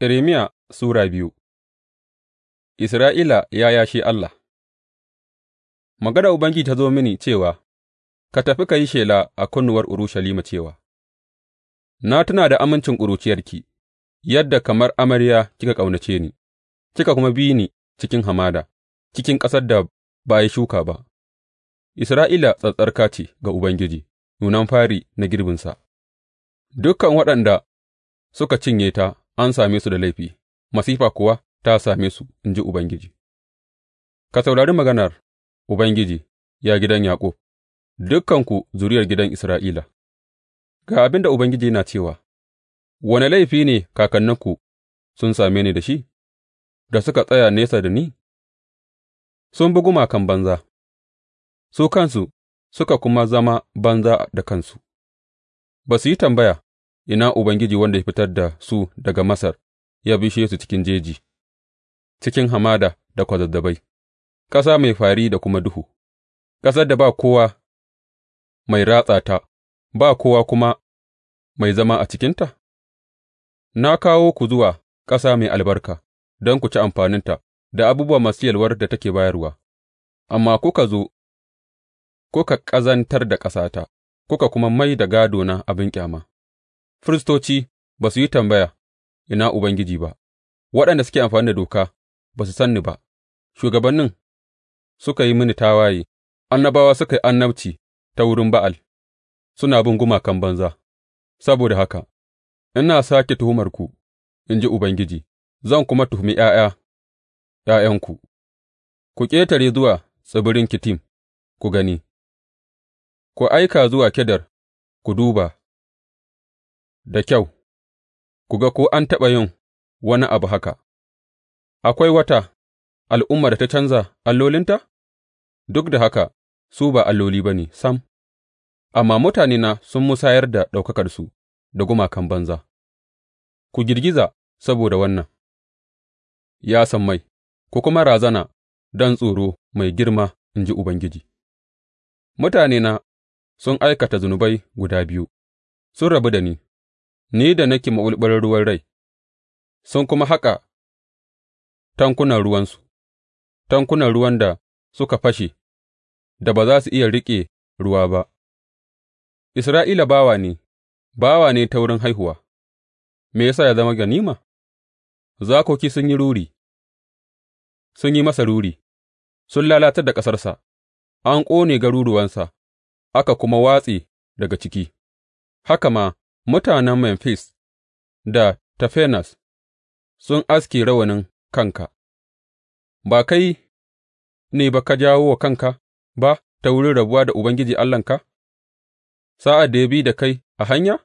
Irmiya Sura biyu Isra'ila ya yashe Allah Magana Ubangiji ta zo mini cewa, Ka tafi ka yi shela a kunnuwar Urushalima cewa, Na tuna da amincin ƙuruciyarki, yadda kamar amarya kika ƙaunace ni, kika kuma bi ni cikin hamada, cikin ƙasar da ba yi shuka ba. Isra'ila tsattsarka ce ga Ubangiji, nunan fari na girbinsa, dukan waɗanda suka cinye ta. an same su da laifi, masifa kuwa ta same su, in ji Ubangiji. Ka saurari maganar Ubangiji, ya gidan Yaƙub, dukanku zuriyar gidan Isra'ila, ga abin da Ubangiji yana cewa, Wane laifi ne kakanninku sun same ni da shi, da suka tsaya nesa da ni? Sun bi gumakan banza, su kansu suka kuma zama banza da kansu, ba su yi tambaya Ina Ubangiji wanda ya fitar da su daga Masar ya bishe su cikin jeji, cikin hamada da kwazazzabai, ƙasa mai fari da kuma duhu, ƙasar da ba kowa mai ratsa ta, ba kowa kuma mai zama a cikinta? Na kawo ku zuwa ƙasa mai albarka don ku ci amfaninta da abubuwa masu yalwar da take bayarwa, amma kuka zo, kuka ƙazantar da ƙasata, kuka kuma mai da gādona abin ƙyama. Firistoci ba su yi tambaya, Ina Ubangiji ba, waɗanda suke amfani da doka ba su san ni ba, shugabannin suka yi mini tawaye, annabawa suka yi annabci ta wurin Ba'al, suna bin gumakan banza, saboda haka ina sake tuhumarku, in ji Ubangiji, zan kuma tuhumi ’ya'ya ’ya'yanku, ku ƙetare zuwa tsibirin kitim ku gani, ku aika zuwa Kedar ku duba. da kyau, ku ga ko an taɓa yin wani abu haka, akwai wata al'ummar da ta canza allolinta? Duk da haka, su ba alloli ba ne sam, amma mutanena sun musayar da ɗaukakarsu da gumakan banza. Ku girgiza saboda wannan, ya mai, ku kuma razana don tsoro mai girma, in ji Ubangiji. Mutanena sun aikata zunubai guda biyu, sun rabu da ni, ni da nake maɓulɓular ruwan rai, sun kuma haƙa tankunan ruwansu, tankunan ruwan da suka fashe, da ba za su iya riƙe ruwa ba. Isra'ila bawa ne, bawa ne ta wurin haihuwa, me ya sa ya zama ganima? Zakoki sun yi ruri, sun yi masa ruri, sun lalatar da ƙasarsa, an ƙone garuruwansa, aka kuma watse daga ciki, haka ma Mutanen Memfis da Tafanes sun aske rawanin kanka, ba kai ne ba ka jawo wa kanka ba ta wurin rabuwa da Ubangiji Allahnka, sa'ad da ya bi da kai a hanya?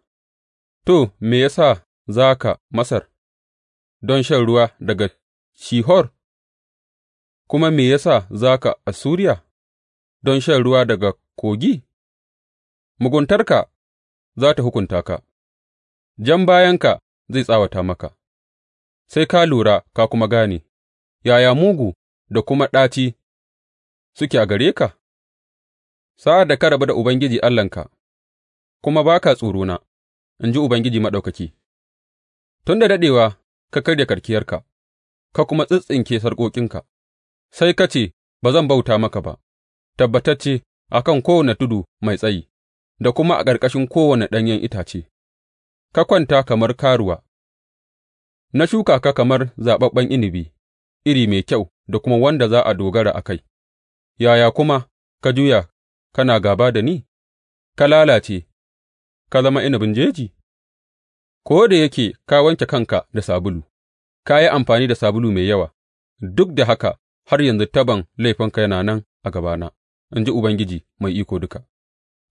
To, me ya sa za ka Masar don shan ruwa daga Shihor, kuma me ya sa za ka Assuriya don shan ruwa daga kogi? Muguntarka za ta hukunta ka. jan bayanka zai tsawata maka, sai ka lura ka kuma gane yaya mugu da kuma ɗaci suke a gare ka, sa'ad da ka rabu da Ubangiji Allahnka kuma ba ka tsorona, in ji Ubangiji Maɗaukaki, tun da daɗewa ka karya karkiyarka, ka kuma tsintsinke sarƙoƙinka, sai ka ce, Ba zan bauta maka ba, tabbatacce a kan kowane tudu mai tsayi da kuma a ƙarƙashin kowane ɗanyen itace. ka kwanta kamar karuwa, na shuka ka kamar zaɓaɓɓen inabi, iri mai kyau da kuma wanda za a dogara a kai, yaya kuma ka juya kana gaba da ni, ka lalace, ka zama inabin jeji? Ko da yake ka wanke kanka da sabulu, ka yi amfani da sabulu mai yawa, duk da haka har yanzu taban laifinka yana nan a gabana, in ji Ubangiji Mai Iko Duka.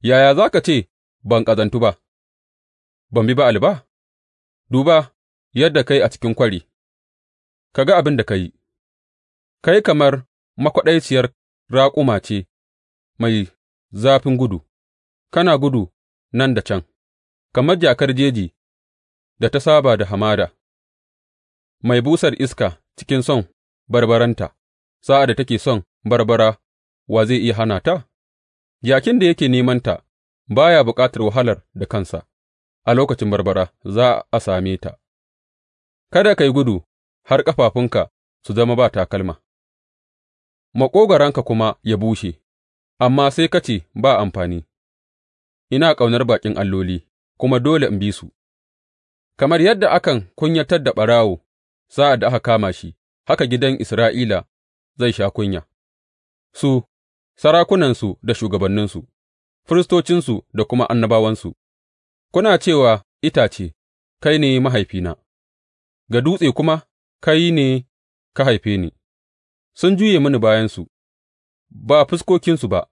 Yaya za ka ce, Ban ƙazantu ba? Ban bi Ba'al ba, duba yadda ka yi a cikin kwari, ka ga abin da ka yi, Kai kamar makwaɗaciyar raƙuma ce mai zafin gudu, kana gudu nan da can, kamar jakar jeji da ta saba da hamada, mai busar iska cikin son barbaranta, sa'ad da take son barbara wa zai iya hana ta? Jakin da yake nemanta ba ya bukatar wahalar da kansa. a lokacin barbara za a same ta; kada ka yi gudu har ƙafafunka su zama ba takalma maƙogwaronka kuma ya bushe, amma sai ka ce ba amfani, Ina ƙaunar baƙin alloli, kuma dole in bi su, kamar yadda akan kunyatar da ɓarawo sa'ad da aka kama shi, haka gidan Isra'ila zai sha kunya, su, sarakunansu da shugabanninsu, firistocinsu da kuma annabawansu. Kuna cewa itace, Kai ne mahaifina,’ ga dutse kuma, Kai ne ka haife ni; sun juye mini bayansu, ba fuskokinsu ba,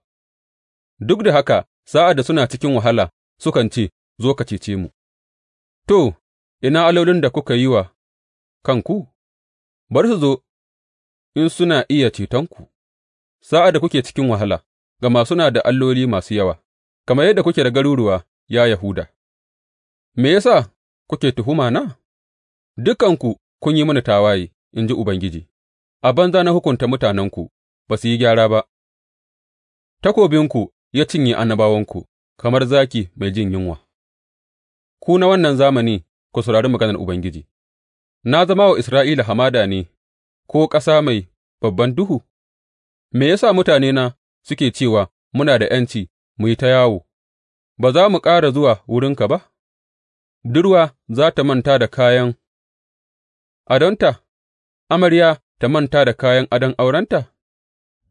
duk da haka sa'ad da suna cikin wahala sukan ce, Zo ka cece mu.’ To, ina allolin da kuka yi wa kanku, bari su zo in suna iya cetonku sa'ad da kuke cikin wahala, gama suna da alloli masu yawa, kamar yadda kuke da garuruwa, ya Yahuda. Me ya sa kuke tuhumana? Dukanku kun yi mini tawaye, in ji Ubangiji; a banza na hukunta mutanenku ba su yi gyara ba, takobinku ya cinye annabawanku kamar zaki mai jin yunwa. Ku na wannan zamani, ku saurari maganar Ubangiji, Na zama wa Isra'ila hamada ne ko ƙasa mai babban duhu? Me ya sa mutanena suke cewa, Muna da ’yanci mu yi ta yawo; ba za mu ƙara zuwa wurinka ba? Durwa za tă manta da kayan adonta, amarya ta manta da kayan adon aurenta?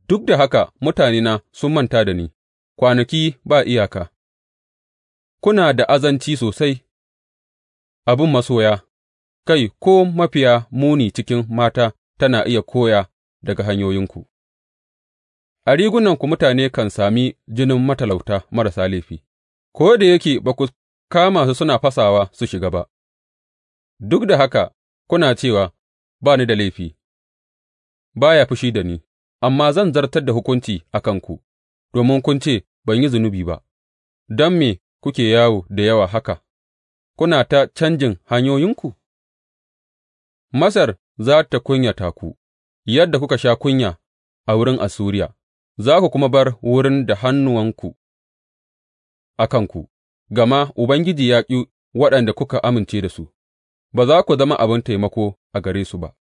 Duk da haka mutanena sun manta da ni, kwanaki ba iyaka, kuna da azanci sosai, abin masoya, kai, ko mafiya muni cikin mata tana iya koya daga hanyoyinku. A rigunanku mutane kan sami jinin matalauta marasa laifi, ko da yake ba ku kama su suna fasawa su shiga ba, duk da haka kuna cewa, Ba ni da laifi, ba ya fushi da ni, amma zan zartar da hukunci a kanku, domin kun ce, Ban yi zunubi ba, don me kuke yawo da yawa haka, kuna ta canjin hanyoyinku? Masar za ta kunyata ku, yadda kuka sha kunya a wurin Assuriya, za ku kuma bar wurin da hannuwanku a kanku. gama Ubangiji ya ƙi waɗanda kuka amince da su, ba za ku zama abin taimako a gare su ba.